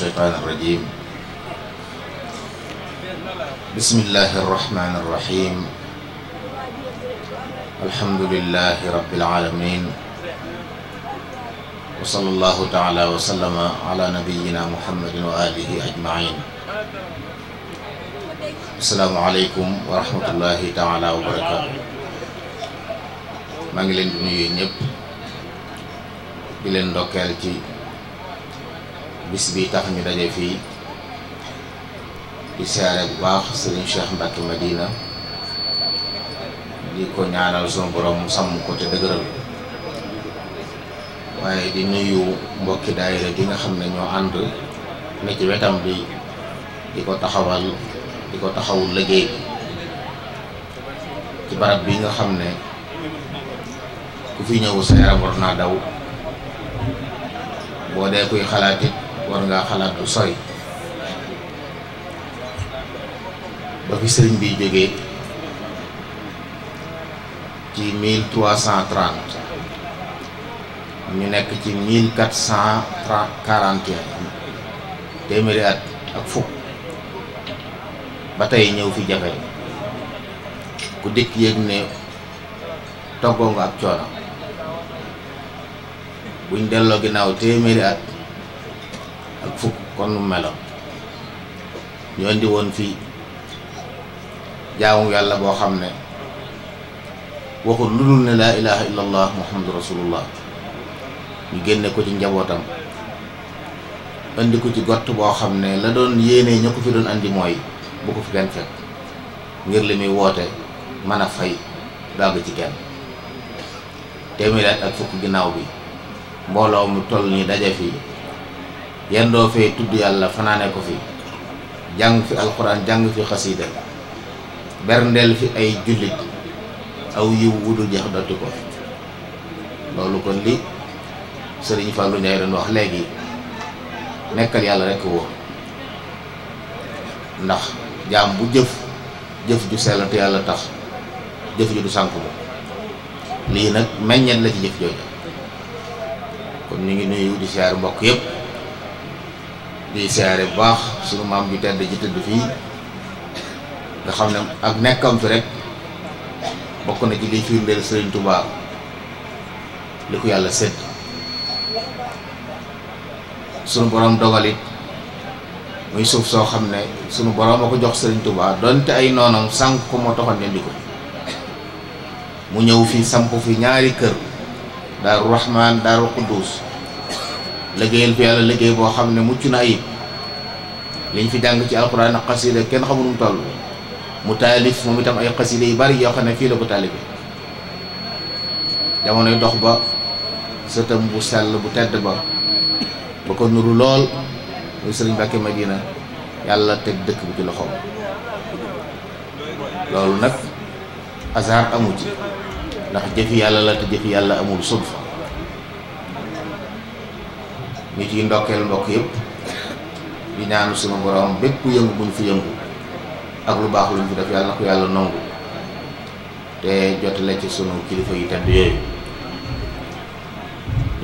الشيطان الرجيم بسم الله الرحمن الرحيم الحمد لله رب العالمين وصلى الله تعالى وسلم على نبينا محمد وآله أجمعين السلام عليكم ورحمة الله تعالى وبركاته maa ngi leen di nuyu ñëpp di leen ndokkeel ci bis bi tax ñu daje fii di siyaare bu baax sëriñ Cheikh Mbacke Madina di ko ñaanal sunu borom sàmm ko te dëgëral waaye di nuyu mbokki daayira gi nga xam ne ñoo ànd ne ci wetam bi di ko taxawal di ko taxawul liggéey ci barab bi nga xam ne ku fi ñëw sa yaram war naa daw boo dee kuy xalaat it war ngaa xalaat lu sori ba fi sëriñ bi jógee ci mille trois cent trente ñu nekk ci mille quatre cent quarante et téeméeri at ak fukk ba tey ñëw fi jafe ku dikk yëg ne toggoo nga ab coono buñ delloo ginnaaw téeméeri at ak fukk kon nu meloon ñu indi woon fii jaamu yàlla boo xam ne waxul lu dul ne laa ilaha illa muhammadu rasulullah ñu génne ko ci njabootam indi ko ci gott boo xam ne la doon yéene ña ko fi doon indi mooy bu ko fi kenn fekk ngir li muy woote mën a fay dagg ci kenn téeméer ak fukk ginnaaw bi mbooloo mu toll nii daje fii yendoo fee tudd yàlla fanaane ko fi jàng fi alxuraan jàng fi xasiida berndeel fi ay jullit aw yiw wudu jeex dotti ko loolu kon li sëriñ Fallou Ndiaye doon wax léegi nekkal yàlla rekk wóor ndax jaam bu jëf jëf ju sell te yàlla tax jëf ju du sànk lii nag meññet la ci jëf jooju kon ñu ngi nuy di siyaar mbokk yépp di siyaare bu baax sunu maam ju tedd ci tëdd fii nga xam ne ak nekkam fi rek bokk na ci liy firndeel Sëriñ Tuubaa li ko yàlla sedd sunu boroom dogalit muy suuf soo xam ne sunu borom a ko jox Sëriñ Tuubaa donte ay noonam sànq ko moo taxoon indi ko mu ñëw fii samp fi ñaari kër daaru Rahmaan daaru Quddus liggéeyal fi yàlla liggéey boo xam ne mucc na ayib liñ fi jàng ci alxuraan ak xasida kenn xamul nu mu toll mu taalif moom itam ay xasida yu bari yoo xam ne fii la ko taalif jamonoy dox ba sëtam bu sell bu tedd ba ba ko nuru lool muy sëriñ Mbàkke Madina yàlla teg dëkk bi ci loxoom loolu nag azar amu ci ndax jëfi yàlla la te jëfi yàlla amul sud fa ñu ciy ndokkeel mbokk yëpp di ñaanu sama borom bépp yëngu bu ñu fi yëngu ak lu baax lu ñu fi def yàlla na ko yàlla nangu te jotale ci sunu kilifa yi tedd yooyu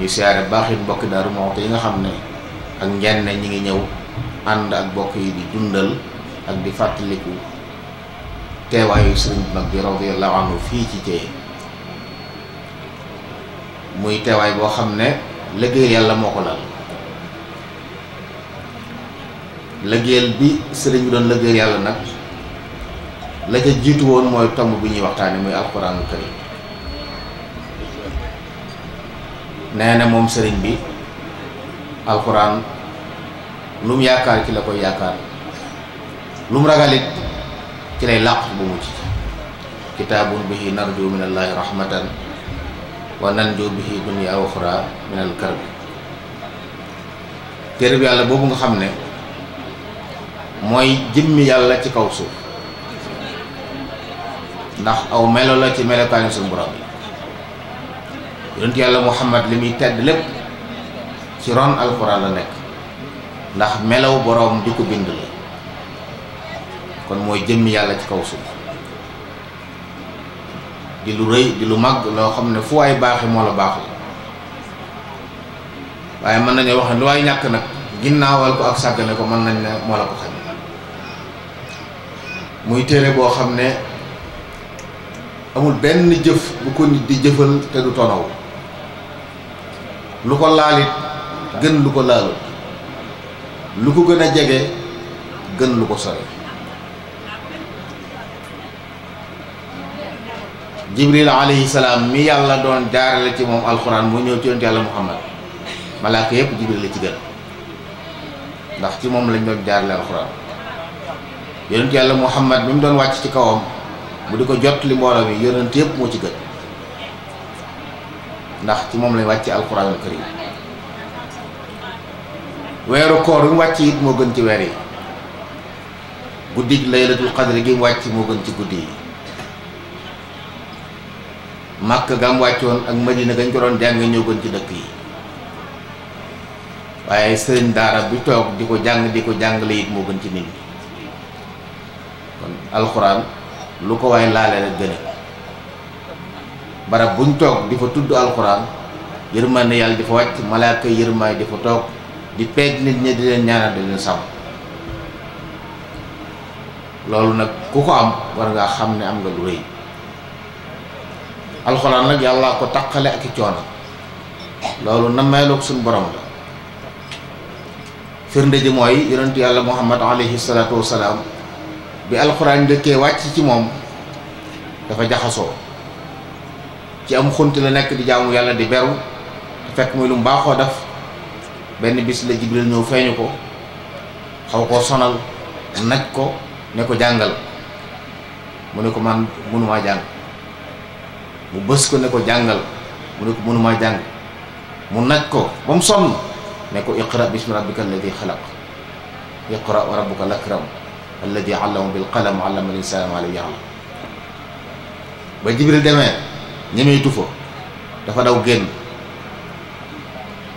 ñuy siyaare baaxit mbokki Daaru Muxti yi nga xam ne ak njenn ñi ngi ñëw ànd ak mbokk yi di dundal ak di fàttaliku teewaayu sëriñ bi mag bi radiyallahu fii ci Thié muy teewaay boo xam ne liggéey yàlla moo ko lal lëggéeyal bi sëriñ bi doon lëggéeyal yàlla nag la ca jiitu woon mooy tomb bi ñuy waxtaane muy alxuraanu karim nee na moom sëriñ bi alxuraan lu yaakaar ci la koy yaakaar lu ragalit ci lay làqut bu mucc kitaabun bihi narju min allaahi rahmatan wa nanju bihi dunya wa uxra min al karbi téere bi yàlla boobu nga xam ne mooy jëmmi yàlla ci kaw suuf ndax aw melo la ci melokaani suñu borom yi yonent yàlla muhammad li muy tedd lépp ci ron alxuraan la nekk ndax melaw borom di ko bind la kon mooy jëmmi yàlla ci kaw suuf di lu rëy di lu mag loo xam ne fu ay baaxi moo la baaxul waaye mën nañoo wax ne lu waay ñàkk nag ginnaawal ko ak sàggane ko mën nañ ne moo la ko xañ muy téere boo xam ne amul benn jëf bu ko nit di jëfal te du tonaw lu ko laalit gën lu ko laalut lu ko gën a jege gën lu ko sore jibril alayhi salaam mi yàlla doon jaarale ci moom alxuraan mu ñëw ci yàlla muhammad malaaka yépp jibril la ci gën ndax ci moom lañ doon jaarale alxuraan yonent yàlla Muhammad bi mu doon wàcc ci kawam mu di ko jot li mbooloo mi yonent yëpp moo ci gën ndax ci moom lañ wàcc alquranul karim weeru koor bi mu wàcc it moo gën ci weer yi guddig laylatul qadri gi mu wàcc moo gën ci guddi yi màkk gam wàccoon ak madina gañ ko doon jàng ñoo gën ci dëkk yi waaye sëriñ daara bi toog di ko jàng di ko jàngale it moo gën ci nit ñi alxuraan lu ko waay laale la gëne barab buñ toog di fa tudd alxuraan yërmande yàlla di fa wàcc malaaka yërmaay di fa toog di peeg nit ñi di leen ñaanal di leen sàmm loolu nag ku ko am war ngaa xam ne am nga lu rëy alxuraan nag yàllaa ko taqale ak i coono loolu nammeeloog suñu borom la firnde ji mooy yonentu yàlla muhammad alayhi salaatu wasalaam bi alxuraan dëkkee wàcc ci moom dafa jaxasoo ci am xunt la nekk di jaamu yàlla di beru te fekk muy lu mu baaxoo def benn bis la jibril ñëw feeñu ko xaw koo sonal nag ko ne ko jàngal mu ne ko man mënumaa jàng mu bës ko ne ko jàngal mu ne ko mënumaa jàng mu nag ko ba mu sonn ne ko iqra bismi rabbika di xalaq iqra wa rabbuka lakram alladi allama bil qalam allama al ma lam ba jibril demee ñemeetu fa dafa daw génn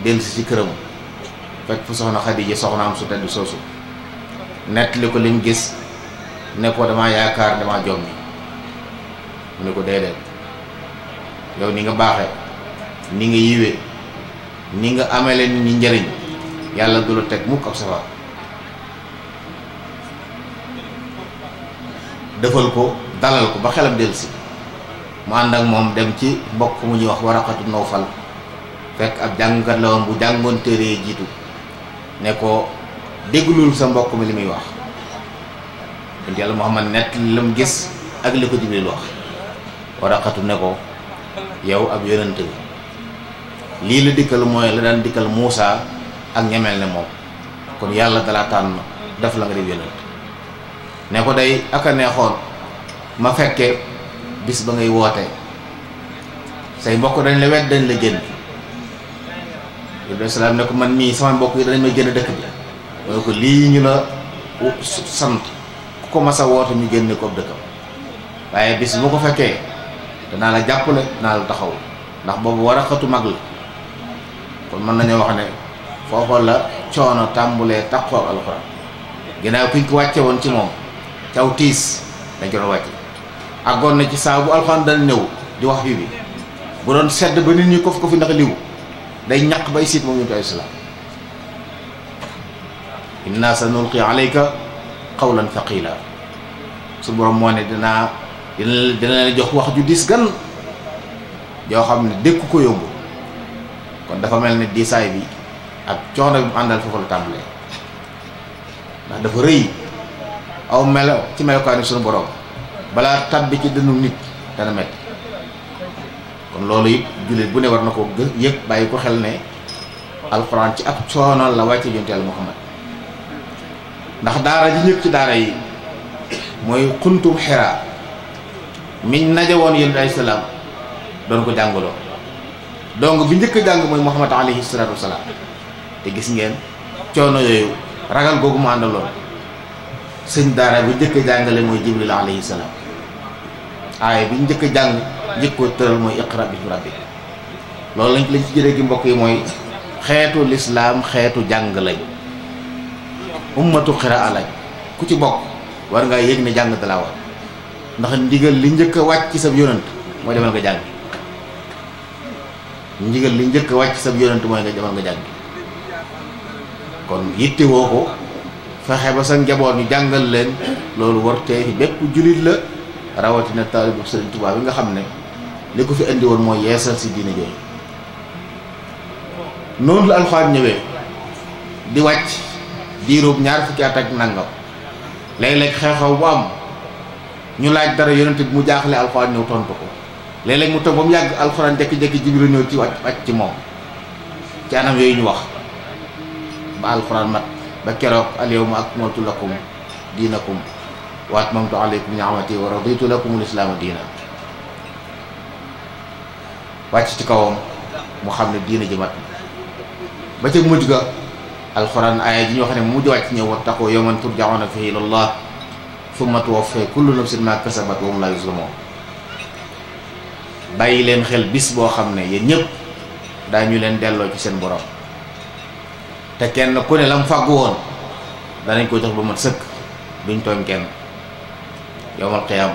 dellu si ci këram fekk fa soxna Xadija soxna am su tedd soosu nettali ko lim gis nekkoo ko damaa yaakaar damaa jommi mu ne ko déedéet yow ni nga baaxee ni nga yiwee ni nga amele nit ñi njëriñ yàlla du la teg mukk ab safar defal ko dalal ko ba xelam dellusi mu ànd ak moom dem ci mbokk mu ñuy wax waraxatu Nawfal fekk ab jàngkat la woon bu jàngoon téere jiitu ne ko dégglul sa mbokk mi li muy wax yonent yàlla Muhammad nett la mu gis ak li ko Jibril wax Waraqatu ne ko yow ab yonent bi lii la dikkal mooy la daan dikkal Muusa ak ñemel ne moom kon yàlla dalaa tànn def la nga def yonent ne ko day ak a neexoon ma fekke bis ba ngay woote say mbokk dañ la wet dañ la génn Ibrahima salaam ne ko man mii sama mbokk yi dañ may génn dëkk bi mooy ko lii ñu la sant ku ko mas woote ñu génne ko dëkkam waaye bis bu ko fekkee danaa la jàppale danaa la taxaw ndax boobu war a xatu mag la kon mën nañu wax ne foofa la coono tàmbulee taqoo alxuraan ginnaaw ki ko wàcce woon ci moom caw tiis dañ ko doon wàcce àggoon na ci saa bu alxuraan dal néew di wax yu bi bu doon sedd ba nit ñi kof ko fi ndax liwu day ñaq bay siit moom ñu koy salaam inna sa su borom moo ne dina dina la jox wax ju diis gan yoo xam ne dékku ko yomb kon dafa mel ne diisaay bi ak coono bi mu àndal foofu la tàmbalee ndax dafa rëy aw melo ci melokaanu sunu borom balaa tàbbi ci dënnu nit dana kon loolu it jullit bu ne war na ko gë yëg bàyyi ko xel ne alxuraan ci ak coono la wàcce yonent Yàlla Muhammad ndax daara ji ñëpp ci daara yi mooy xuntum xiraa miñ naja woon yonent alayhi salaam doon ko jàngaloo donc bi njëkk jàng mooy Muhammad alayhi salaatu wasalaam te gis ngeen coono yooyu ragal googu mu àndaloon sëñ daara bi njëkk a jàngale mooy jibril alayhi salaam aaya bi njëkk a jàng jëkkoo koo tëral mooy iqra bi rabbi loolu lañ ci jëlee gi mbokk yi mooy xeetu lislaam xeetu jàng lañ ummatu xiraa lañ ku ci bokk war ngaa yëg ne jàng dalaa ndax ndigal li njëkk wàcc ci sab yonant mooy demal nga jàng ndigal li njëkk wàcc sab yonant mooy nga demal nga jàng kon yittewoo ko fexe ba sa njaboot ñu jàngal leen loolu war tee fi bépp jullit la rawatina taalibu Sëriñ Tuubaa bi nga xam ne li ko fi indi woon mooy yeesal si diine jooju noonu la alxuraan ñëwee di wàcc diirub ñaar fukki at ak nangam léeg-léeg xew-xew bu am ñu laaj dara yonent bi mu jaaxle alxuraan ñëw tontu ko léeg-léeg mu toog ba mu yàgg alxuraan jékki-jékki Jibril ñëw ci wàcc wàcc ci moom ci anam yooyu ñu wax ba alxuraan mat ba keroog alyawma akmaltu lakum diinakum wa atmamtu alaykum ni'amati wa raditu lakumul islaama diina wàcc ci kawam mu xam ne diina ji mat ba ca mujj ga alxuraan aaya ji ñu wax ne mu mujj wàcc ñëw wattaqu yawman turjauna fihi ilallah summa tuwaffa kullu nafsin ma kasabat bàyyi leen xel bis boo xam ne yéen ñëpp daañu leen delloo ci seen boroom te kenn ku ne la mu fàggu woon danañ ko jox ba mat sëkk duñ tooñ kenn yowmal xiyaam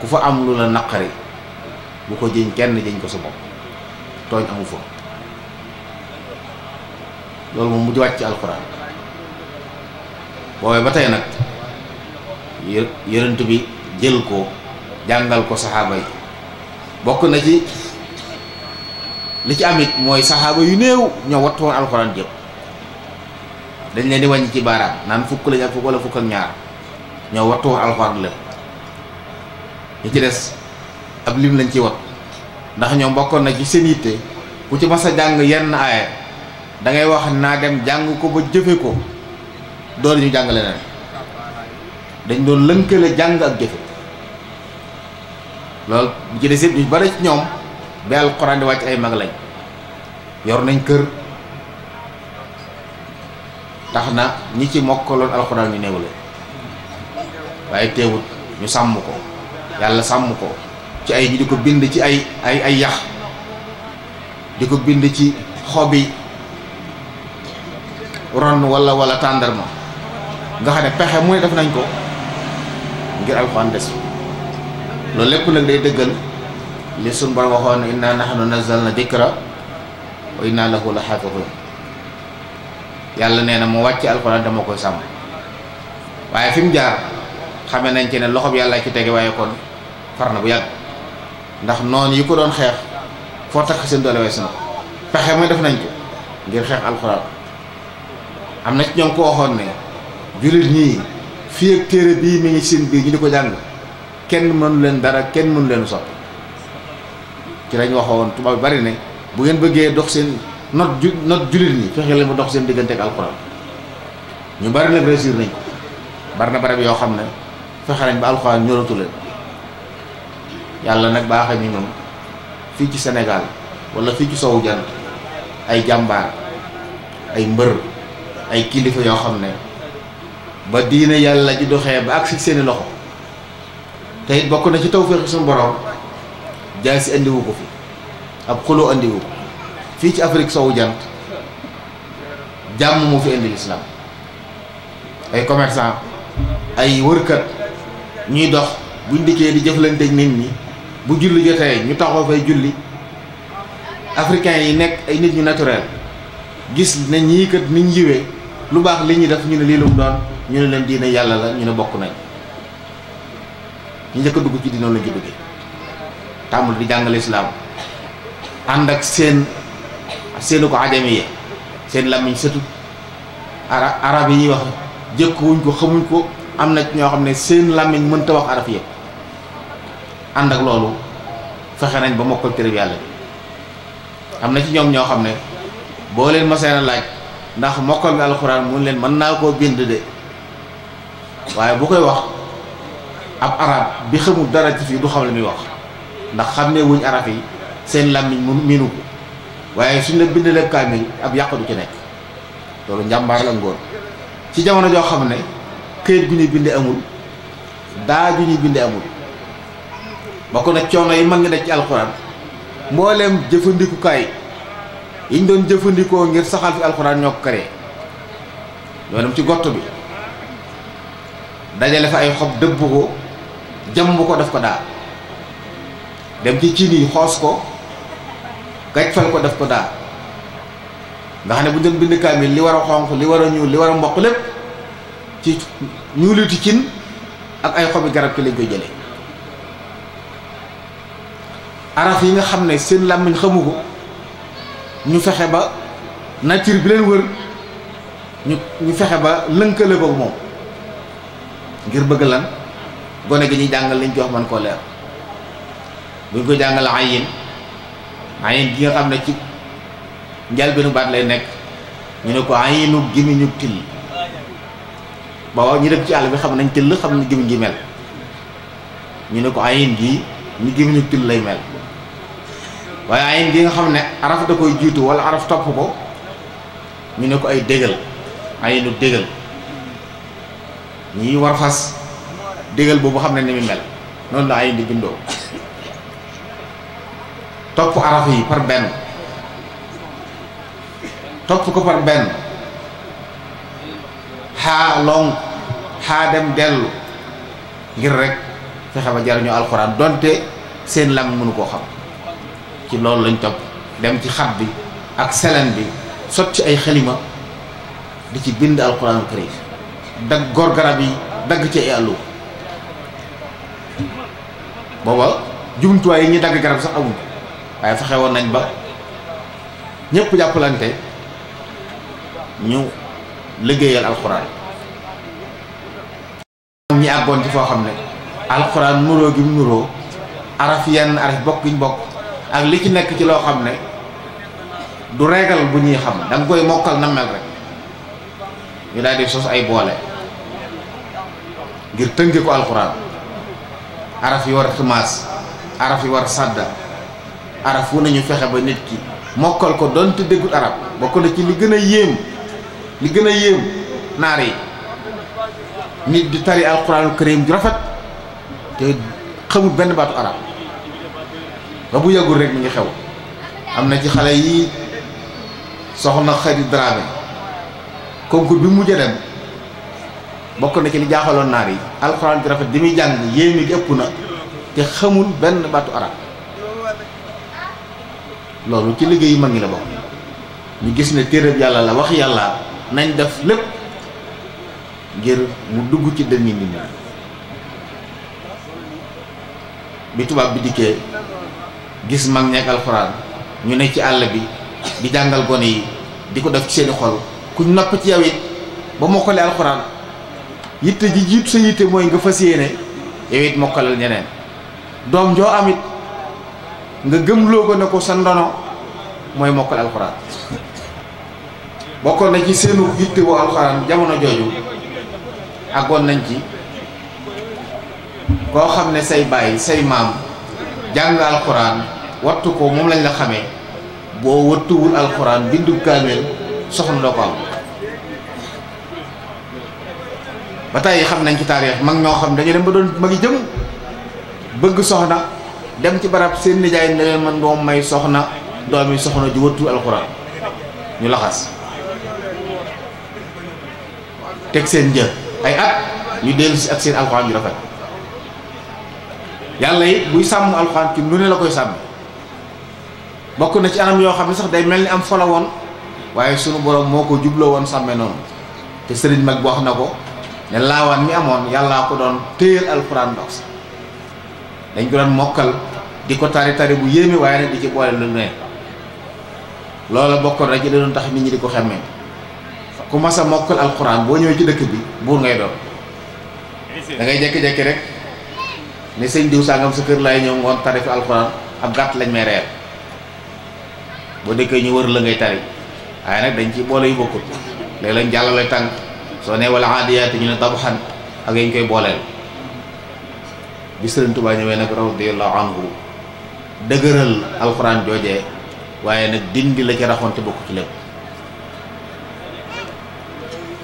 ku fa am lu la naqari bu ko jëñ kenn jëñ ko sa bopp tooñ amu fa loolu moom mu wàcc ci alxuraan boobee ba tey nag yërënt bi jël ko jàngal ko saxaaba yi bokk na ci li ci amit mooy saxaaba yu néew ñoo wattu woon alxuraan jëpp dañ leen di wàññi ci baaraam naan fukk lañ ak fukk wala fukk ak ñaar ñoo wattu wax alxuraan lépp ñu ci des ab lim lañ ci wat ndax ñoom bokkoon na ci seen yitte ku ci mas a jàng yenn aaya da wax naa dem jàng ko ba jëfe ko doole ñu jàng leneen dañ doon lënkale jàng ak jëfe loolu ñu ci des it ñu bari ci ñoom bi alxuraan di wàcc ay mag lañ yor nañ kër tax na ñi ci mokkaloon alxuraan ñu néew la waaye teewut ñu sàmm ko yàlla sàmm ko ci ay ñu di ko bind ci ay ay ay yax di ko bind ci xobi ron wala wala tàndarma nga xam ne pexe mu ne def nañ ko ngir alxuraan des loolu lépp nag day dëggal li suñ borom waxoon inna nahnu nazzalna dikra wa inna lahu la xaafidun yàlla nee na mu wàcc alxuraan dama koy sàmm waaye fi mu jaar xame nañ ci ne loxob yàlla ci tege waaye kon far na bu yàgg ndax noonu yi ko doon xeex foo takk seen doole na pexe mooy def nañ ko ngir xeex alxuraan am na ci ñoom ko waxoon ne jullit ñii fii ak téere bii mi ngi seen biir ñu di ko jàng kenn mënu leen dara kenn mënu leen soppi ci lañ waxoon tubaab bi bari ne bu ngeen bëggee dox seen not ju not jullit ñi fexe leen ba dox seen diggante ak alxuraan ñu bari nag réussir nañ ko bari na barab yoo xam ne fexe nañ ba alxuraan ñoratu leen yàlla nag baaxee ñu moom fii ci Sénégal walla fii ci sowu jant ay jàmbaar ay mbër ay kilifa yoo xam ne ba diine yàlla ji doxee ba ak si seeni loxo te bokk na ci tawféexi suñu borom jaay si andiwu ko fi ab xuloo andiwu ko fii ci Afrique sowu jant jàmm moo fi indi lislaam ay commerçant ay wërkat ñuy dox buñ dikkee di jëflante ak nit ñi bu julli jotee ñu taxaw fay julli africain yi nekk ay nit ñu naturel gis ne ñii kat niñ yiwee lu baax li ñuy def ñu ne lii lu ñu ne leen diine yàlla la ñu ne bokk nañ ñu njëkk a dugg ci diine la ñu duggee tàmbul di jàngale islaam ànd ak seen seenu ko ajami yee seen làmmiñ sëtu ara arab yi ñuy wax jëkkuwuñ ko xamuñ ko am na ñoo xam ne seen làmmiñ mënta wax arab yëpp ànd ak loolu fexe nañ ba mokkal téere yàlla bi am na ci ñoom ñoo xam ne boo leen maseen a laaj ndax mokkal bi alxuraan mun leen mën naa koo bind de waaye bu koy wax ab arab bi xamul dara ci fi du xam la muy wax ndax xam ne wuñ arab yi seen làmmiñ mu miinu ko waaye suñ la bindalee kaamil ab yàq du ci nekk loolu njàmbaar la ngóor ci jamono joo xam ne këyit gu ñuy binde amul daa ju ñuy binde amul bokk na coono yi mag ngi daj ci alxuraan mbooleem jëfandikukaay yi ñu doon jëfandikoo ngir saxal fi alxuraan ñoo ko ñoo dem ci gott bi dajale fa ay xob dëbb ko jàmb ko def ko daal dem ci cin xoos ko gàccal ko def ko daal nga xam ne bu doon bind kaamil li war a xonq li war a ñuul li war a mboq lépp ci ñuulitu cin ak ay xobi garab ki lañ koy jëlee araf yi nga xam ne seen làmmiñ xamu ko ñu fexe ba nature bi leen wër ñu ñu fexe ba lënkale ko moom ngir bëgg lan gone gi ñuy jàngal liñ ci man koo leer buñ ko jàngal ayin ayin gi nga xam ne ci njëlbeenu baat lay nekk ñu ne ko ayinu gémmiñu till ba ñu dëkk ci àll bi xam nañ till xam ne gémmiñ gi mel ñu ne ko ayin gi ñu gémmiñu till lay mel waaye ayin gi nga xam ne araf da koy jiitu wala araf topp ko ñu ne ko ay dégal ayinu dégal ñi war fas dégal boobu xam ne ni mu mel noonu la ayin di bindoo topp araf yi par benn topp ko par benn xaa long xaa dem dellu ngir rek fexe ba jariñoo alxuraan donte seen lam mënu koo xam ci loolu lañ topp dem ci xat bi ak selen bi sot ci ay xalima di ci bind alxuraan karim dagg góor garab yi dagg ci ay àllu booba jumtuwaay yi ñuy dagg garab sax amul waaye fexe woon nañ ba ñëpp jàppalante ñu liggéeyal alxuraan ñi àggoon ci foo xam ne alxuraan nuróo gi mu nuróo araf yenn araf bokk bokk ak li ci nekk ci loo xam ne du reegal bu ñuy xam danga koy mokkal na mel rek ñu daal di sos ay boole ngir tënke ko alxuraan araf yi war a tumaas araf yi war a sàdda arab nañu fexe ba nit ki mokkal ko doonte déggut arab bokk na ci li gën a yéem li gën a yéem naar yi nit di tari alquranul karim ju rafet te xamul benn baatu arab ba bu yàggul rek mi ngi xew am na ci xale yi soxna xadi Dramé concours bi mujj dem bokk na ci li jaaxaloon naar yi alquran ju rafet di muy jàng yéeme gi ëpp na te xamul benn baatu arab loolu ci liggéeyu mag ñi la bokk ñu gis ne téeréb yàlla la wax yàlla nañ def lépp ngir mu dugg ci dënni nit ñi bi tubaab bi dikkee gis mag ñeek alxuraan ñu ne ci àll bi di jàngal gone yi di ko def ci seeni xol kuñ nopp ci yow it ba mokkale alxuraan yitte ji jiitu sa yitte mooy nga fas yéene yow it mokkalal ñeneen doom joo am nga gëm loo ko ne ko sa ndono mooy mokkal alxuraan bokkoon na ci seenu yittewoo alxuraan jamono jooju àggoon nañ ci koo xam ne say bàyyi say maam jàng alxuraan wattu ko moom lañ la xame boo wattuwul alxuraan bindu kaamel soxna doo ko am ba tey xam nañ ci taarix mag ñoo xam dañu dem ba doon magi jëm bëgg soxna dem ci barab seen nijaay ne leen man moom may soxna doomi soxna ju wëttu alxuraan ñu laxas teg seen jë ay at ñu dellu si ak seen alxuraan ju rafet yàlla it buy sàmm alxuraan ci lu ne la koy sàmm bokk na ci anam yoo xam ne sax day mel ni am folo woon waaye sunu borom moo ko jubloo woon sàmme noonu te sëriñ mag bi wax na ko ne laawaan mi amoon yàllaa ko doon téyal alxuraan ndox dañ ko doon mokkal di ko tari tari bu yéeme waaye nag di ci boole lu ne loola bokkoon rek ci da doon tax nit ñi di ko xàmmee ku mas a mokkal alxuraan boo ñëwee ci dëkk bi buur ngay doon da ngay jékki rek ne sëñ diw sangam sa kër laay ñëw ngoon tari fi alxuraan ab gàtt lañ may reer boo dëkkee ñu wër la ngay tari waaye nag dañ ci boole yu bokkut léeg-léeg jàllale tànk soo nee wala aadiyaati ñu ne dabaxan ak yañ koy booleel bi sëriñ Tuubaa ñëwee nag radiyallahu anhu dëgëral alxuraan joojee waaye nag dindi la ci raxoon te bokk ci lépp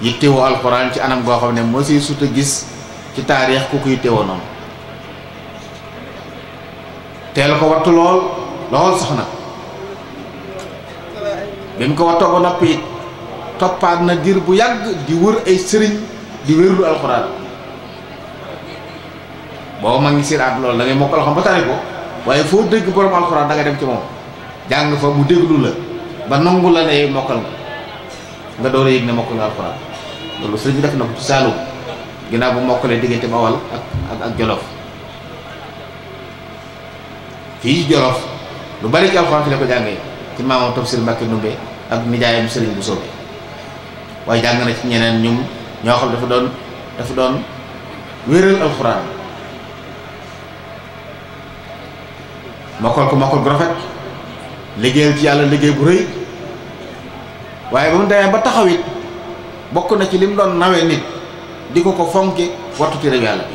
yittewoo alxuraan ci anam goo xam ne moo sut a gis ci taarix ku ko yittewoo noonu teel ko wattu lool lool sax nag bi mu ko wattoo ba noppi toppaat na diir bu yàgg di wër ay sëriñ di wérlu alxuraan booba ma ngi siraat loolu da ngay mokkal xam ba tari ko waaye foo dégg borom alxuraan da nga dem ci moom jàng fa mu déglu la ba nangu la ne mokkal nga nga door a yëg ne mokkal nga alxuraan loolu sëriñ bi def na ko ci Saalum ginnaaw bu mokkalee diggante Bawol ak ak Jolof fii Jolof lu bari ci alxuraan fi la ko jàngee ci maamam Tafsir Mbàkke Ndumbe ak nijaayam sëriñ bu soobee waaye jàng na ci ñeneen ñum ñoo xam dafa doon dafa doon wéral mokkal ko mokkal gu rafet liggéeyal ci yàlla liggéey bu rëy waaye ba mu demee ba taxawit bokk na ci lim doon nawe nit di ko ko fonke wattu ci réew yàlla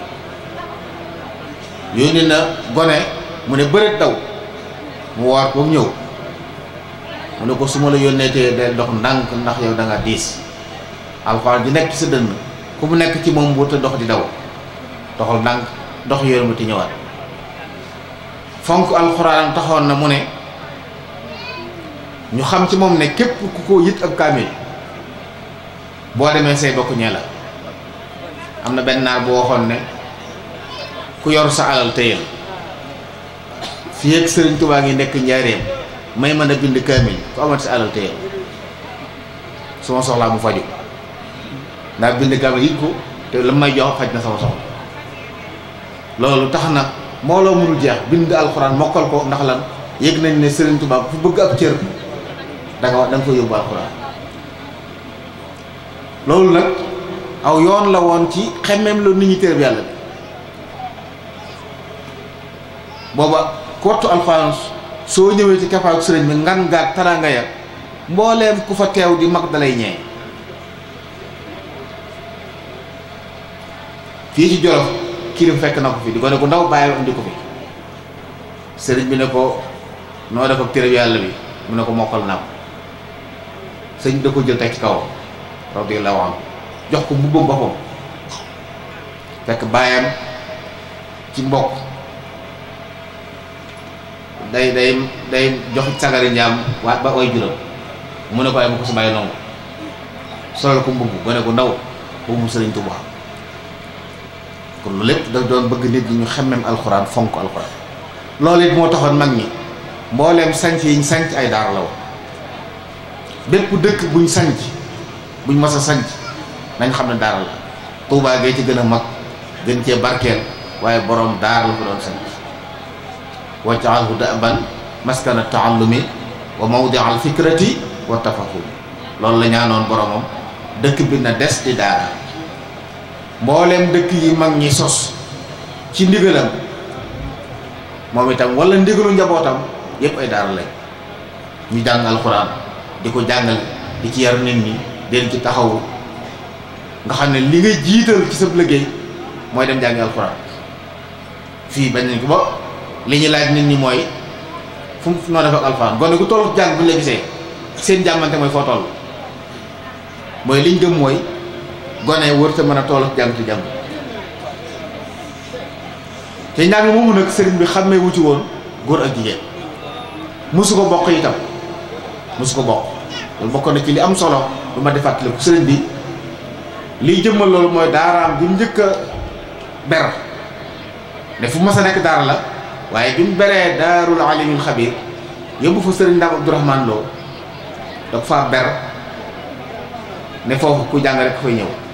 bi yónni na gone mu ne bëreet daw mu waar ko ñëw mu ne ko su ma la yónnee te day dox ndànk ndax yow da nga diis alxuraan di nekk ci sa dënn ku mu nekk ci moom bu te di daw doxal ndànk dox yoon bi te ñëwaat fonk alxuraan taxoon na mu ne ñu xam ci moom ne képp ku ko yit ab kaamil boo demee say bokk ñee la am na benn naar bu waxoon ne ku yor sa alal téyel fii ak sëriñ Tuubaa ngi nekk njaareem may mën a bind kaamil ku amat sa alal téyel suma soxlaa mu faju ndax bind kaamil yit ko te la may jox faj na sama soxla loolu tax na mbooloo mënul jeex bind alxuraan mokkal ko ndax lan yëg nañ ne Serigne Touba fu bëgg ak cër da nga da nga yóbbu alxuraan loolu nag aw yoon la woon ci xemmeem la nit ñi téere yàlla bi booba kottu alxuraan soo ñëwee ci kafaaku sëriñ bi ngan gaag taraanga mbooleem ku fa teew di mag dalay ñee fii ci Jolof kirim fekk na ko fi di gone gu ndaw bàyyi di ko fi sëriñ bi ne ko noo def ak téere yàlla bi mu ne ko mokkal naa ko sëñ da ko jël teg ci kawam radiyallahu anhu jox ko mbubbam boppam fekk bàyyam ci mbokk day day day jox sagari njaam waa ba way juróom mu ne ko ay ma ko su bàyyi nangu solal ko mbubb gone gu ndaw boobu sëriñ Tuubaa pour lu lépp da doon bëgg nit ñi ñu xemmem alxuraan fonk alxuraan loolu it moo taxoon mag ñi mbooleem sanc yiñ sanc ay daara la bépp dëkk buñ sanc buñ mas sanc nañ xam ne daara la Tuubaa ci gën a mag gën cee barkeel waaye boroom daara la ko doon sanc wajaalhu daban maskana taallumi wa mawdi fikrati wa tafahum loolu la ñaanoon boromam dëkk bi na des di daara mbooleem dëkk yi mag ñi sos ci ndigalam moom itam walla ndigalu njabootam yépp ay daara lañ ñu jàng alxuraan di ko jàngal di ci yar nit ñi den ci taxawu nga xam ne li nga jiital ci sab liggéey mooy dem jàngi alxuraan fii bañ nañ ko ba li ñu laaj nit ñi mooy fu mu noo def ak alxuraan gone gu toll jàng bu ñu la gisee seen jàmmante mooy foo toll mooy liñ gëm mooy gone wërta mën a tool ak jàng ci jàng te njàng moomu nag sëriñ bi xàmmee wu ci woon góor ak jigéen mosu ko bokk itam mosu ko bokk loolu na ci li am solo lu ma defaat la sëriñ bi liy jëmmal loolu mooy daaraam bi mu njëkk a ber ne fu ma a nekk daara la waaye bi mu beree daarul alimul xabir yóbbu fa sëriñ Ndaam Abdourahman Lo da ko faa ber ne foofu ku jàng rek fay ñëw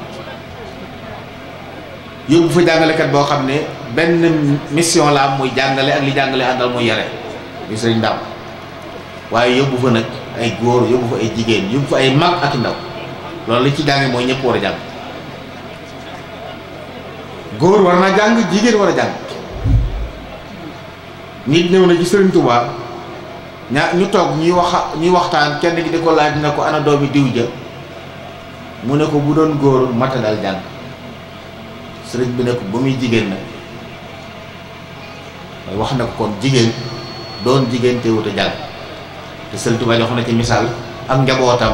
yóbbu fa jàngalekat boo xam ne benn mission la am muy jàngale ak li jàngale àndal muy yare ñu sëriñ ndam waaye yóbbu fa nag ay góor yóbbu fa ay jigéen yóbbu fa ay mag ak ndaw loolu li ci jànge mooy ñëpp war a jàng góor war na jàng jigéen war a jàng nit ñëw na ci sëriñ Tuubaa ñaa ñu toog ñuy wax ñuy waxtaan kenn gi di ko laaj na ko ana doomi diw ja mu ne ko bu doon góor mata daal jàng sëriñ bi ne ko ba muy jigéen nag mooy wax na ko kon jigéen doon jigéen te wut a jàng te sëriñ Tuubaa jox na ci misaal ak njabootam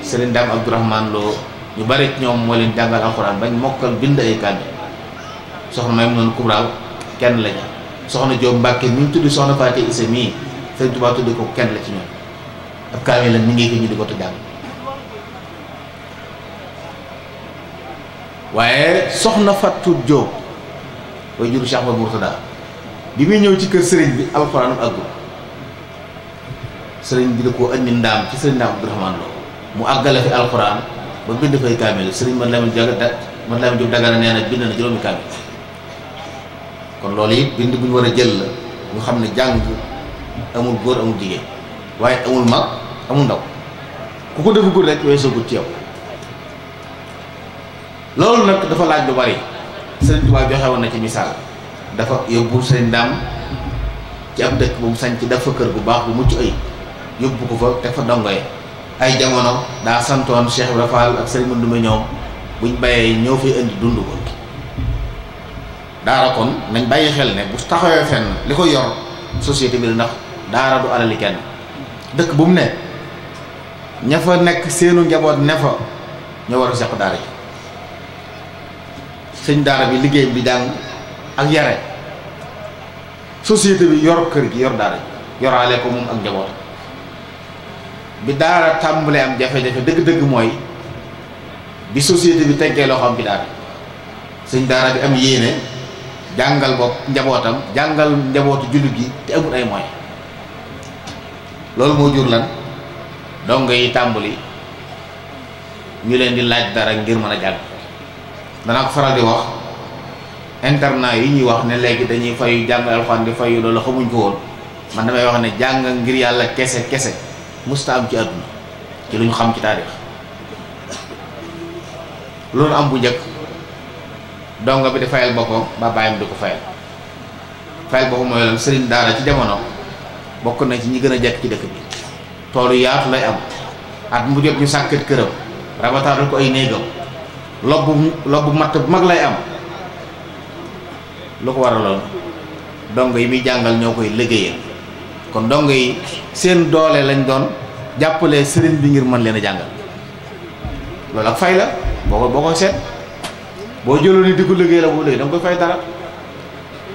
sëriñ Daam Abdourahman Lo ñu bari ñoom moo leen jàngal alxuraan bañ mokkal bind ay kàddu soxna may noonu Kubra kenn la ñu soxna Joob Mbàkke mi ñu tuddi soxna Faati Isa mii sëriñ Tuubaa tuddi ko kenn la ci ñoom ab kaamil la mi ngi ko ñu di ko te jàng waaye soxna Fatou Diop way juru Cheikh Ahmadou Mourtada bi muy ñëw ci kër sëriñ bi alxuraanam àggul sëriñ bi da koo andi ndaam ci sëriñ ndaam Abdourahmane Lo mu àggale fi alxuraan ba bind fay kaamil sëriñ man Lamine Diop da man Lamine nee na bind na juróomi kaamil kon loolu it bind bu ñu war a jël la ñu xam ne jàng amul góor amul jigéen waaye amul mag amul ndaw ku ko def góor rek weesoo ko ci yow. loolu nag dafa laaj lu bari sëriñ Tuubaa joxe woon na ci misaal dafa yóbbu sëriñ daam ci ab dëkk bu mu sañ ci def fa kër gu baax bu mucc ay yóbbu ko fa teg fa dongoy ay jamono daa santoon Cheikh Ibra Fall ak sëriñ Mandumbe ñoom buñ bàyyee ñëw fi indi dund ko daara kon nañ bàyyi xel ne bu taxawee fenn li ko yor société bi ndax daara du alali kenn dëkk bu ne ña fa nekk seenu njaboot ne fa ñoo war a seq daara ji sëñ daara bi liggéey bi jàng ak yare société bi yor kër gi yor daara ji yoraale ko moom ak njaboot bi daara tàmbalee am jafe-jafe dëgg-dëgg mooy bi société bi teggee loo xam bi daara sëñ daara bi am yéene jàngal bopp njabootam jàngal njabootu jullit gi te amul ay moyens loolu moo jur lan dongo yi tàmbali ñu leen di laaj dara ngir mën a jàng danaa ko faral di wax internat yi ñuy wax ne léegi dañuy fayu jàng alxuraan di fayu loolu xamuñu ko woon man damay wax ne jàng ngir yàlla kese kese musta am ci àdduna ci lu ñu xam ci taarix loolu am bu njëkk dongo bi di fayal boppam ba bàyyam di ko fayal fayal boppam mooy lan sëriñ daara ci jamono bokk na ci ñi gën a jekk ci dëkk bi toolu yaatu lay am at mu jot ñu sàkkat këram rabataatal ko ay néegam lob bu matt bu mag lay am lu ko waraloon dongo yi muy jàngal ñoo koy liggéeyal kon dongo yi seen doole lañ doon jàppalee sëriñ bi ngir mën leen a jàngal loolu ak fay la boo ko boo koy seet boo jëloon ni di ko liggéey la boo léegi danga koy fay dara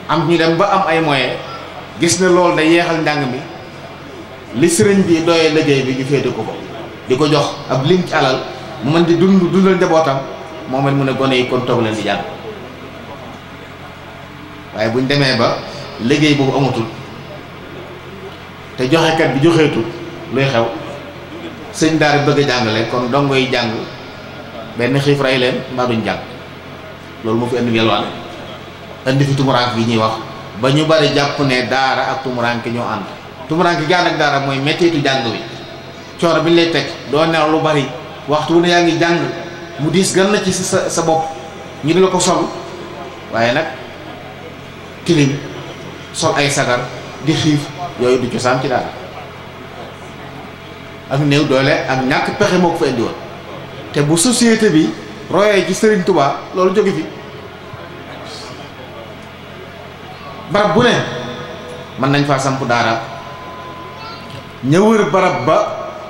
am ñu dem ba am ay moyen gis ne loolu day yeexal njàng mi li sëriñ bi doyee liggéey bi ñu féete ko ko di ko jox ab lim alal mu mën di dund dundal njabootam moom it mu ne gone yi kon toog leen di jàng waaye buñ demee ba liggéey boobu amatul te joxekat bi joxeetul luy xew sëñ daara bëgg a jàngale kon dongo yi jàng benn xiif rey leen mbaa duñ jàng loolu moo fi indi yelwaan indi fi tumuraank yi ñuy wax ba ñu bari jàpp ne daara ak tumuraank ñoo ànd tumuraank gaan ak daara mooy mettitu jàng wi coono bi ñu lay teg doo neex lu bari waxtu wu ne yaa ngi jàng mu diis gan na ci sa sa bopp ñu di la ko sol waaye nag tilim sol ay sagar di xiif yooyu du cosaan ci daal ak néew doole ak ñàkk pexe moo ko fa indi woon te bu société bi royee ci Serigne Touba loolu jóge fi barab bu ne mën nañ fa samp daara ñëwër barab ba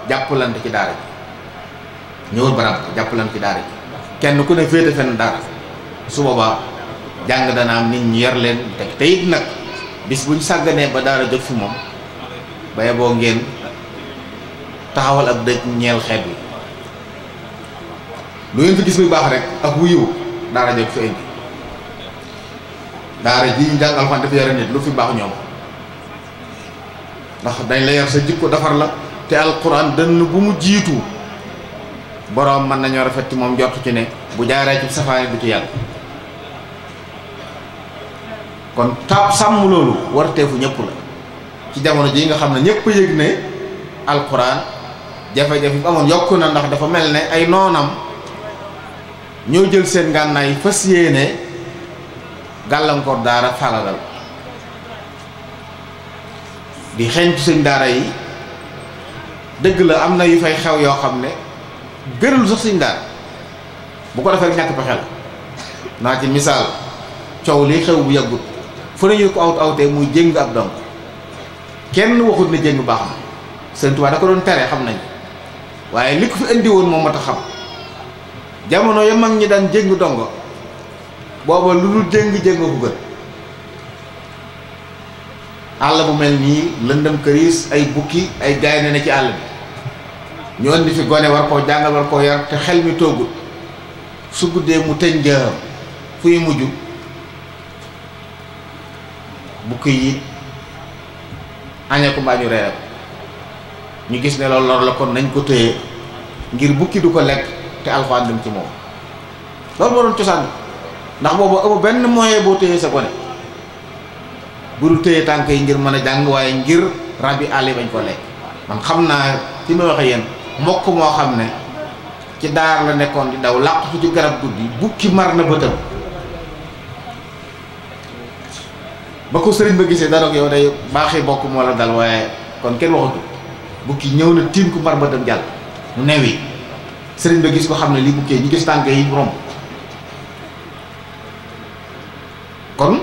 jàppalante ci daara ji ñëwul barab ko jàppalan ci daara ji kenn ku ne féete fenn daara su boobaa jàng dana am nit ñi yar leen te it nag bis buñ sàgganee ba daara jot fi moom baye boo ngeen taxawal ak dëj ñeel xeet wi lu ngeen fi gis muy baax rek ak wu yiw daara jot fi indi daara ji ñu jàng alxuraan dafa yare nit lu fi baax ñoom ndax dañ la yar sa jikko defar la te alxuraan dënn bu mu jiitu boroom mën nañoo rafet ci moom jot ci ne bu jaaree ci safaani bu ci yàgg kon ta sàmm loolu warteefu ñëpp la ci jamono ji nga xam ne ñëpp yëg ne alquran jafe-jafe bi amoon yokku na ndax dafa mel ne ay noonam ñoo jël seen ngànnaay fas yéene gàllankoor daara faladal di xeeñtu seen daara yi dëgg la am na yu fay xew yoo xam ne gënal sax sëñ daara bu ko defee ñàkk pexe la naa ci misaal coow li xew bu yàggut fu nañu ko awut awutee muy jéng ab donk kenn waxut ne jëng baax na sëñ Tuubaa da ko doon tere xam nañ waaye li ko fi indi woon moom moo tax xam jamono ya mag ñi daan jéng dong booba lu dul jëng-jëng bu gën àll bu mel nii lëndëm këriis ay bukki ay gaynde ne ci àll bi ñu andi fi gone war koo jàngal war koo yar te xel mi toogut su guddee mu tëj njëram fuy mujj bukki yi añee ko mbaa ñu reere ko ñu gis ne loolu lor la kon nañ ko téye ngir bukki du ko lekk te alxuraan dem ci moom loolu moo doon cosaan ndax boobu amul benn moyen boo téye sa gone bu dul téye tànk yi ngir mën a jàng waaye ngir rab yi àll yi bañ ko lekk man xam naa ci ma waxe yéen mbokk moo xam ne ci daar la nekkoon di daw làqatu ci garab guddi bukki mar na bëtam ba ko sëriñ ba gisee danoog yow day baaxee bokk moo la dal waaye kon kenn waxatu bukki ñëw na tiim ku mar bëtam jàll mu newi sëriñ ba gis ko xam ne lii bukkee ñu gis tànk yi romb kon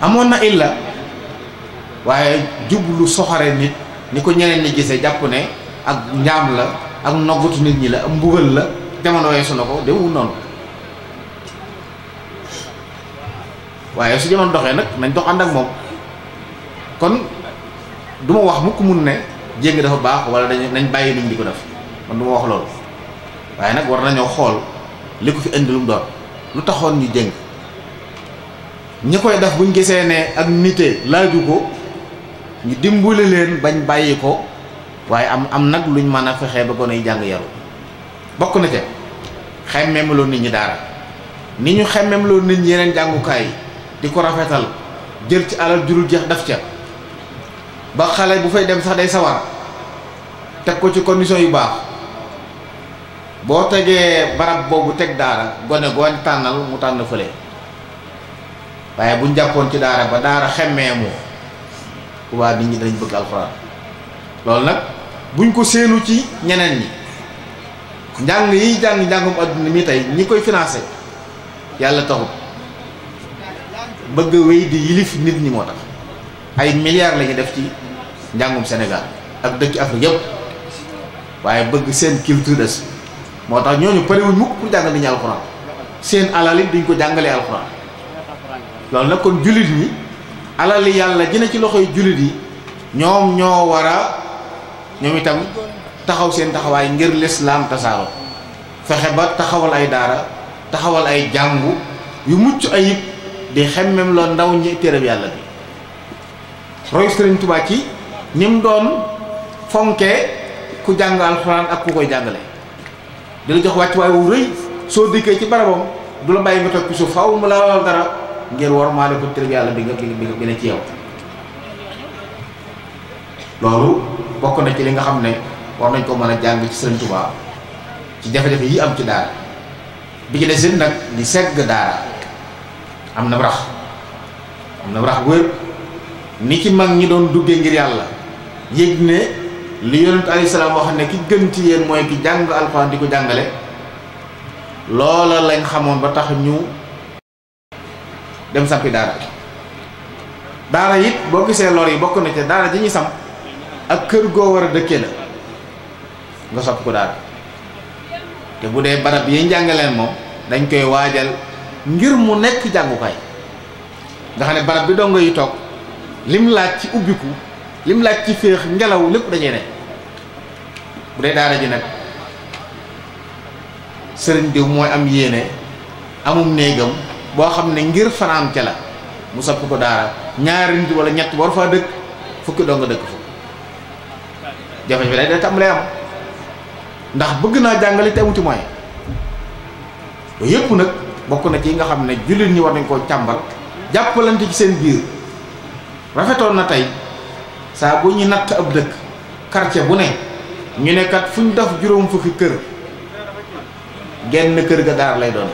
amoon na illa waaye jublu soxore nit ni ko ñeneen ñi gisee jàpp ne ak njaam la ak noggatu nit ñi la ak mbugal la jamono weesu na ko demul noonu waaye su jamono doxee nag nañ dox ànd ak moom kon du ma wax mukk mun ne jéggi dafa baax wala dañ nañ bàyyi nit ñi di ko def man du wax loolu waaye nag war nañoo xool li ko fi indi lu lu taxoon ñu jéng ñi koy def buñ gisee ne ak nite laaju ko ñu dimbule leen bañ bàyyi ko waaye am am nag lu luñ mën a fexee ba gone yi jàng yaru bokk na ca xemmeem loo nit ñi daara ni ñu xemmeem loo nit ñi yeneen jàngukaay di ko rafetal jël ci alal jurul jeex daf ca ba xale bu fay dem sax day sawar teg ko ci condition yu baax boo tegee barab boobu teg daara gone goo tànnal mu tànn fële waaye bu jàppoon ci daara ba daara xemmeemu tubaab nit ñi dañ bëgg alxuraan loolu nag buñ ko séenu ci ñeneen ñi njàng yi jàng njàngum àdduna mi tey ñi koy financé yàlla taxut bëgg wéy di yilif nit ñi moo tax ay milliards la def ci njàngum Sénégal ak dëkk Afrique yëpp waaye bëgg seen culture des moo tax ñooñu parewuñ mukk pour jàngal nit ñi alxuraan seen alal duñ ko jàngale alxuraan loolu nag jullit ñi alal yi yàlla dina ci loxoy jullit yi ñoom ñoo war ñoom itam taxaw seen taxawaay ngir lislaam tasaaro fexe ba taxawal ay daara taxawal ay jàngu yu mucc ayib di xemmem loo ndaw ñi téereb yàlla bi roy sëriñ Tuubaa ci ni mu doon fonkee ku jàng alxuraan ak ku koy jàngale di jox wàccuwaay wu rëy soo dikkee ci barabam du la bàyyi nga toog ci suuf mu la wal dara ngir wormaale ko téereb yàlla bi nga bi nga bi ne ci yow loolu bokk na ci li nga xam ne war nañ ko mën a jàng ci Sëriñ Tuubaa ci jafe-jafe yi am ci daara bi ci des nag di segg daara am na rax am na rax wër ni ci mag ñi doon duggee ngir yàlla yëg ne li yonent alayhi salaam wax ne ki gën ci yéen mooy ki jàng alxuraan di ko jàngale loola lañ xamoon ba tax ñu dem sampi daara daara it boo gisee lor yi bokk na ca daara ji ñuy ak kër goo war a dëkke la nga sopp ko daal te bu dee barab yi njàngaleen moom dañ koy waajal ngir mu nekk jàngukaay nga xam ne barab bi dongo yi toog lim laaj ci ubbiku lim laaj ci féex ngelaw lépp dañuy ne bu dee daara ji nag sëriñ diw mooy am yéene amum néegam boo xam ne ngir fanaan ca la mu sopp ko daara ñaari nit wala ñett war faa dëkk fukki dong dëkk fa jafe-jafe day day tàmbalee am ndax bëgg naa jàngale te amuti moyen yooyu yëpp nag bokk na ci yi nga xam ne jullit ñi war nañ koo càmbar jàppalante ci seen biir rafetoon na tey saa bu ñu natt ab dëkk quartier bu ne ñu ne kat fu juróom fukki kër genn kër ga daara lay doon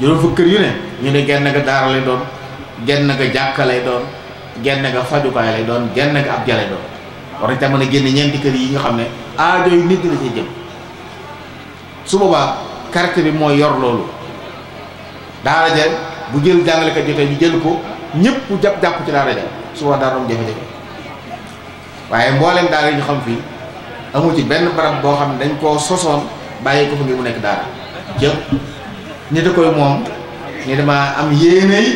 juróom fukki kër yu ne ñu ne genn ga daara lay doon genn ga jàkka doon genn ga fajukaay lay doon genn ga ab ja lay doon war nañ tax mën a génne ñeenti kër yi nga xam ne aajo yu nit dina ci jëm su boobaa carte bi mooy yor loolu daara ja bu jël jàngalekat jotee ñu jël ko ñëpp jàpp jàpp ci daara ja su boobaa daara doon jafe-jafe waaye mbooleem daara yi ñu xam fii amul ci benn barab boo xam ne dañ koo sosoon bàyyi ko fa ngir mu nekk daara jëm ñi da koy moom ni damaa am yéeney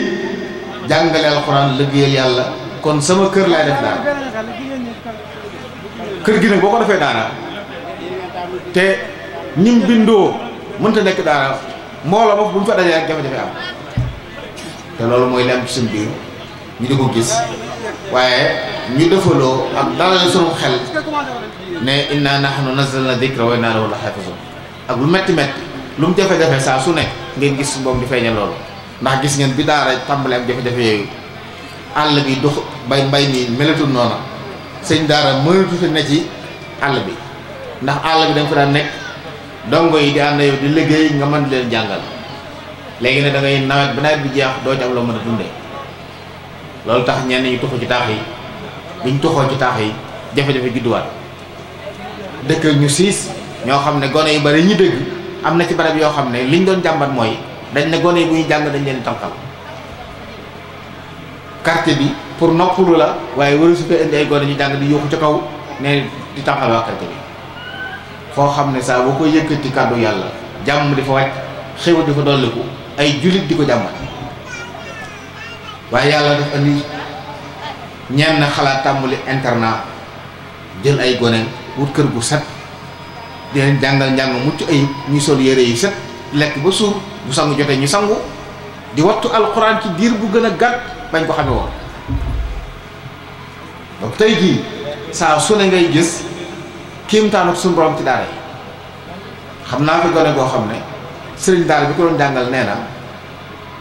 jàngale alxuraan liggéeyal yàlla kon sama kër laay def daara kër gi nag boo ko defee daara te ñim bindoo mënta nekk daara mbooloo ma bu mu fa dajee rek jafe-jafe am te loolu mooy li am ñu di ko gis waaye ñu defaloo ak dalal suñu xel ne inna nahnu nazzalna dhikra wa inna lahu lahafizun ak lu metti metti lu mu jafe-jafe saa su nekk ngeen gis su boobu di feeñal loolu ndax gis ngeen bi daara tàmbale am jafe-jafe yooyu àll bi dox bay mbay nii melatul noona sëñ daara mënatu ne ci àll bi ndax àll bi da nga daan nekk dongo yi di ànd yow di liggéey nga mën leen jàngal léegi ne dangay ngay nawet ba nawet bi jeex doo ci am loo mën a dundee loolu tax ñenn ñi tuxu ci taax yi biñ tuxoo ci taax yi jafe-jafe judduwaat dëkk ñu siis ñoo xam ne gone yu bari ñu dégg am na ci barab yoo xam ne liñ doon jàmbat mooy dañ ne gone yi bu ñu jàng dañ leen tànkal quartier bi. pour noppalu la waaye waru su ko indi ay gone ñu jàng di yuuxu ca kaw ne di tànqal waa bi foo xam ne saa boo koy yëkkati kàddu yàlla jàmm di fa wàcc xéwal di fa dolliku ay jullit di ko jàmmat waaye yàlla daf andi ñenn xalaat tàmbali internat jël ay gone wut kër gu set di jàngal njàng mucc ayib ñuy sol yére yi set lekk ba suur bu sangu jotee ñu sangu di wattu alxuraan ci diir bu gën a gàtt bañ ko xamee woon donc tey jii saa su ne ngay gis kéemtaanu su borom ci daara yi xam naa fi gone boo xam ne sëriñ daara bi ko doon jàngal nee na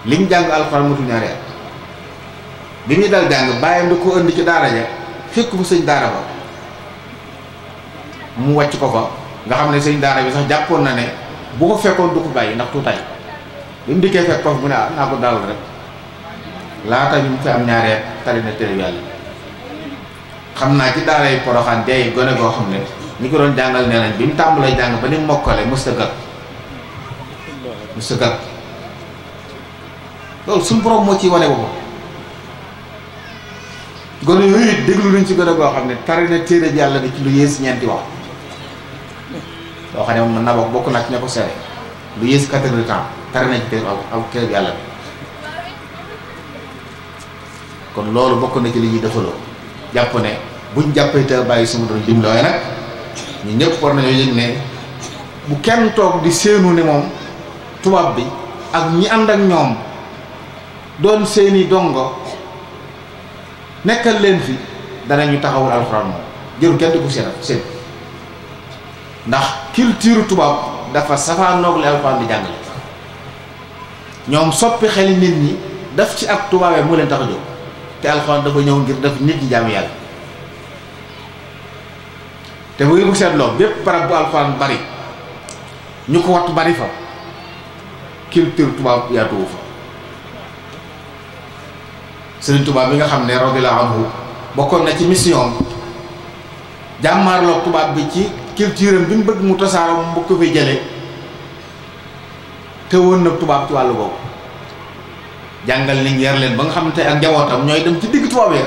li ñu jàng alxuraan matul bi muy dal jàng bàyyam da ko indi ci daara ja fekk mu sëñ daara ba mu wàcc ko fa nga xam ne sëñ daara bi sax jàppoon na ne bu ko fekkoon du ko bàyyi ndax tuutaay bi mu dikkee fekk ko fi mu ne ah naa ko dal rek laata ñu mu fi am ñaari at tari na téere yàlla xam naa ci daaray Poroxaan di gone goo xam ne ñi ko doon jàngal nee nañ bi mu tàmbalee jàng ba ni mokkale musta gàpp musta gàpp loolu suñu borom moo ci wane boppam gone yooyu it déglu luñ ci gone goo xam ne tari na téere yàlla di ci lu yées ñeenti wax loo xam ne moom na bokk bokk na ci ña ko sere lu yées quatre heures de temps tari nañ téere aw yàlla bi kon loolu bokk na ci li ñuy defaloo jàpp ne buñ jàppee te bàyyi su ma doon lim looy nag ñu ñëpp war nañoo yëg ne bu kenn toog di seenu ne moom tubaab bi ak ñi ànd ak ñoom doon seeni dongo nekkal leen fi danañu taxawul alxuraan moom jëru kenn di ko seen seen ndax culture tubaab dafa safaan noog li alxuraan di jàngale ñoom soppi xeli nit ñi def ci ak tubaabee mu leen tax jóg te alxuraan dafa ñëw ngir def nit ñi jaamu yàlla te bu ngeen ko seetloo bépp barab bu alxuraan bari ñu ko wattu bari fa culture tubaab yaatuwu fa sëriñ tubaab bi nga xam ne radiyallaahu anhu bokkoon na ci mission jàmmaarloog tubaab bi ci kil am bi mu bëgg mu tasaaroo mu ko fi jële te woon na tubaab ci wàll boobu jàngal nañ yar leen ba nga xam ne tey ak njabootam ñooy dem ci digg tubaab ya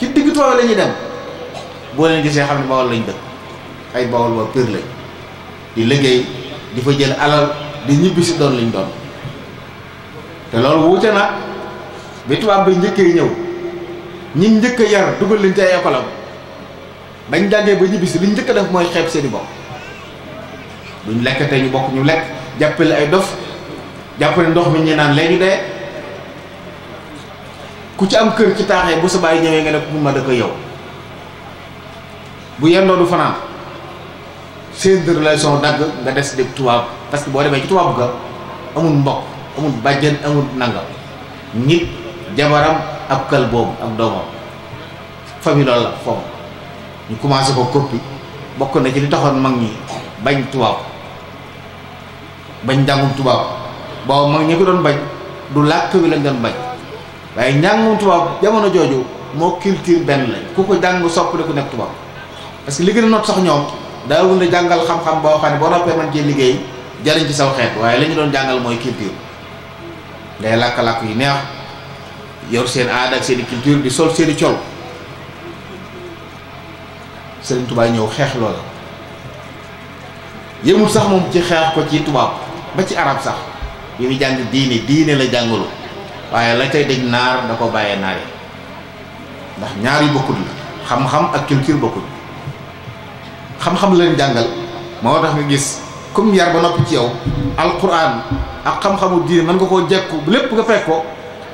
ci digg tubaab la dem boo gisee xam ne bawol lañ dëkk ay bawol waa pire lañ di liggéey di fa jël alal di ñibbisi si doon liñ doon te loolu wuute na bi tubaab bi njëkkee ñëw ñi njëkk a yar dugal leen ci ay école bañ jàngee ba ñibbi si liñ njëkk a def mooy xeeb seeni bopp duñ lekk te ñu bokk lekk jàppale ay dof jàppale ndox mi ñu naan léegi dee ku ci am kër ci taaxee bu sa bàyyi ñëwee nga ne ku ma dëkk yow bu yendoo du fanaan seen relation dagg nga des dégg tubaab parce que boo demee ci tubaab ga amul mbokk amul bàjjen amul nangam nit jabaram ab kël boobu ak doomam famille loolu la foofu ñu commencé ko koppi bokk na ci li taxoon mag ñi bañ tubaab bañ njàngum tubaab boobu mag ñi ko doon bañ du làkk wi lañ doon bañ waaye njàngum tubaab jamono jooju moo culture benn lañ ku ko jàng soppali ku nekk tubaab parce que li gën a not sax ñoom daawul ne jàngal xam-xam boo xam ne boo noppee mën cee liggéey jariñ ci saw xeet waaye li ñu doon jàngal mooy culture ngay làkk-làkk yu neex yor seen aada ak seen i culture di sol seeni i col Sëriñ Tuubaa ñëw xeex loola yëmul sax moom ci xeex ko ci tubaab ba ci arab sax yi muy jàng diine diine la jàngalu waaye la cay dëj naar da ko bàyyee naar yi ndax ñaar yu la xam-xam ak culture bokkul xam-xam leen jàngal moo tax nga gis comme yar ba nopp ci yow alquran ak xam-xamu diine mën nga koo jekku lépp nga fekk ko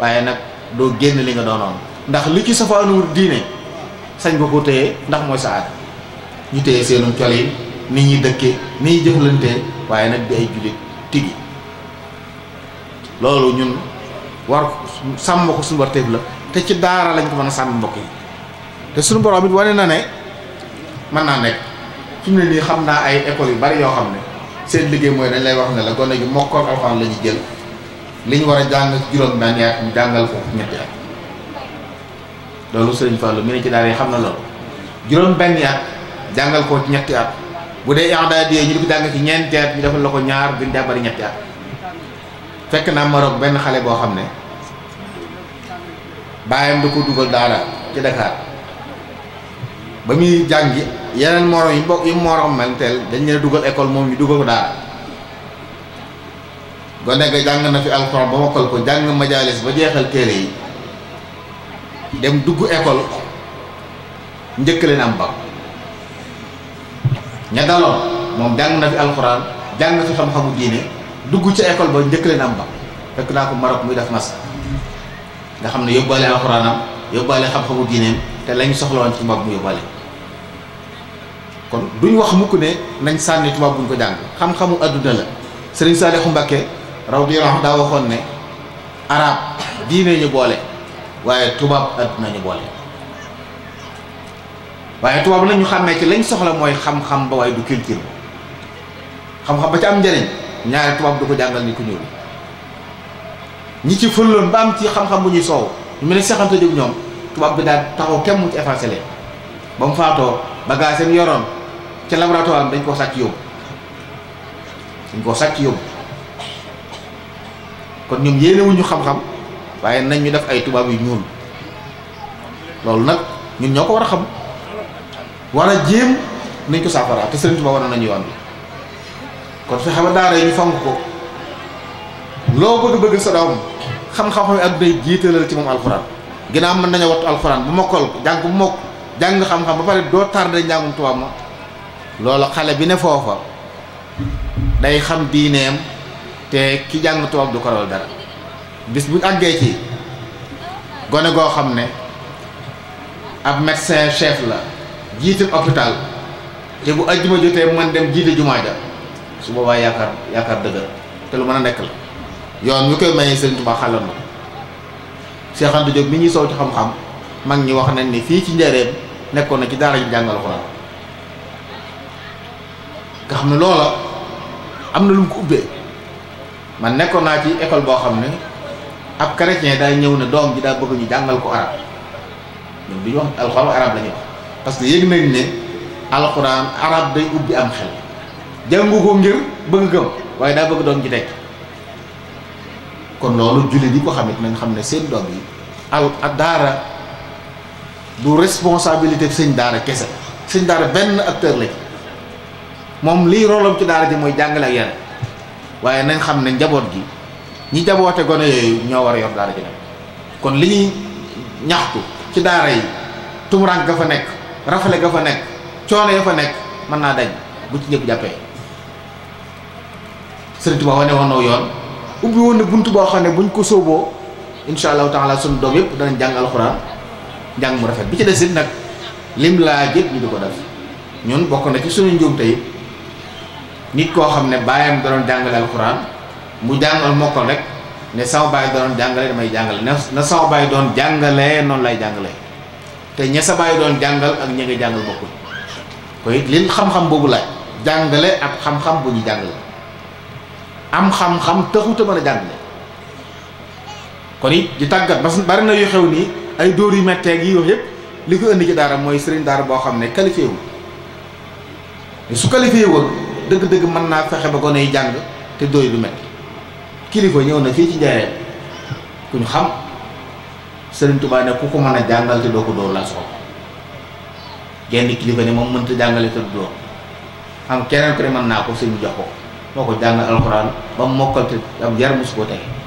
waaye nag doo génn li nga doonoon ndax li ci safaanuwul diine sañ nga ko téye ndax mooy sa aada ñu téye seenu col yi ni ñuy dëkke ni ñuy jëflante waaye nag di ay jullit tigi loolu ñun war sàmm ko suñu warteef la te ci daara lañ ko mën a sàmm mbokk yi te suñu borom it wane na ne mën naa nekk fi mu ne nii xam naa ay école yu bari yoo xam ne seen liggéey mooy dañ lay wax ne la gone gi mokkoon alxuraan la ñuy jël li ñu war a jàng juróom benn yaat ñu jàngal ko at loolu sëriñ Fallou mi ci daara yi xam na loolu juróom benn jàngal ko ñetti at bu dee ixdaad yi ñu di ko jàng ci ñeenti at ñu defal la ko ñaar gën jaa bari ñetti at fekk naa Maroc benn xale boo xam ne baayam da ko dugal daara ci Dakar ba muy jàngi yeneen morom yi bokk yi morom mel teel dañ leen dugal école moom ñu dugal ko daara gone ga jàng na fi alxuraan ba mokkal ko jàng majaalis ba jeexal téere yi dem dugg école njëkk leen am ba ña daloon moom jàng na fi alxuraan jàng na fi diine dugg ci école ba njëkk leen am ba fekk naa ko Maroc muy def mas nga xam ne yóbbaale alxuraanam yóbbaale xam-xamu diineem te lañ soxla woon ci tubaab mu yóbbaale kon wax mukk ne nañ sànni tubaab ko jàng xam-xamu adduna la Serigne Saliou Mbacké raw di rax daa waxoon ne arab diine ñu boole waaye tubaab àdduna ñu boole waaye tubaab la ñu xàmmee ci lañ soxla mooy xam-xam ba waaye du culture xam-xam ba ci am njëriñ ñaari tubaab du ko jàngal ni ku ñuul ñi ci fëlloon ba am ci xam-xam bu ñuy soow ñu mel ne saxante jóg ñoom tubaab bi daal taxaw kenn mu ci effacé leen ba mu faatoo bagage yoroon ca laboratoire am dañ koo sàcc yóbbu dañ koo sàcc yóbbu kon ñoom yéenewuñu xam-xam waaye nañ ñu def ay tubaab yu ñuul loolu nag ñun ñoo ko war a xam war a jéem nañ ko saafara te Sëriñ Tuubaa war nañu yoon bi kon fexe ba daara yi ñu fonk ko loo bëgg bëgg sa doom xam-xam ak day jiitalal ci moom alxuraan ginnaaw mën nañu wattu alxuraan bu mokkal ko jàng bu mokk jàng xam-xam ba pare doo tardé njàngum tubaab ma loolu xale bi ne foofa day xam diineem te ki jàng tubaab du ko rawal dara bis bu àggee ci gone goo xam ne ab médecin chef la jiital hôpital te bu ajjuma jotee mën dem jiite jumaa ja su boobaa yaakaar yaakaar dëgër te lu mën a nekk la yoon wi koy mayee Sëriñ Tuubaa xàllal na Cheikh Anta Diop mi ñuy soow ci xam-xam mag ñi wax nañ ni fii ci njëreem nekkoon na ci daara ji jàngal Alxuraan nga xam ne loola am na lu mu ko ubbee man nekkoon naa ci école boo xam ne ab chrétien daay ñëw ne doom ji daa bëgg ñu jàngal ko arab ñoom du ñu wax alxuraan arab la ñuy wax parce que yëg nañ ne alxuraan arab day ubbi am xel jàngu ko ngir bëgg gëm waaye daa bëgg doom ji tekki kon loolu jullit bi ko xamit nañ xam ne seen doom yi ak daara du responsabilité sëñ daara kese sëñ daara benn acteur la moom liy rolam ci daara ji mooy jàngale ak yar waaye nañ xam ne njaboot gi ñi njaboote gone yooyu ñoo war a yor daara ji nag kon li ñuy ñaxtu ci daara yi tumuraan ga fa nekk rafale ga fa nekk coono ya fa nekk mën naa dañ bu ci ñëpp jàppee Sëriñ Tuubaa wane woon yoon ubbi woon na bunt boo xam ne buñ ko sooboo incha allahu taala suñu doom yëpp danañ jàng alxuraan jàng mu rafet bi ci des it nag lim laaj yëpp ñu di ko def bokk na ci suñu njuum tey nit koo xam ne baayam da doon jàngale alxuraan mu jàngal mokkal rek ne sama baay da doon jàngale damay jàngale na sama baay doon jàngale noonu lay jàngale te ña doon jàngal ak ña nga jàngal bokkul koy it xam-xam boobu laaj jàngale ak xam-xam bu ñu jàngale am xam-xam taxut a mën a jàngale kon it di tàggat parce que bari na yu xew nii ay dóor yu métteeg yi wax yëpp li ko indi ci daara mooy sëriñ daara boo xam ne qualifié wu su qualifié woon dëgg-dëgg mën naa fexe ba gone yi jàng te dóor du métti kilifa ñëw na fii ci njaareel ku ñu xam sëriñ Tuubaa ne ku ko mën a jàngal te doo ko dóor laa soxla genn kilifa ne moom mën mënta jàngale te du dóor am keneen ku ne mën naa ko sëriñ jox ko moo ko jàng alxuraan ba mu mokkal te am yar mosu ko tey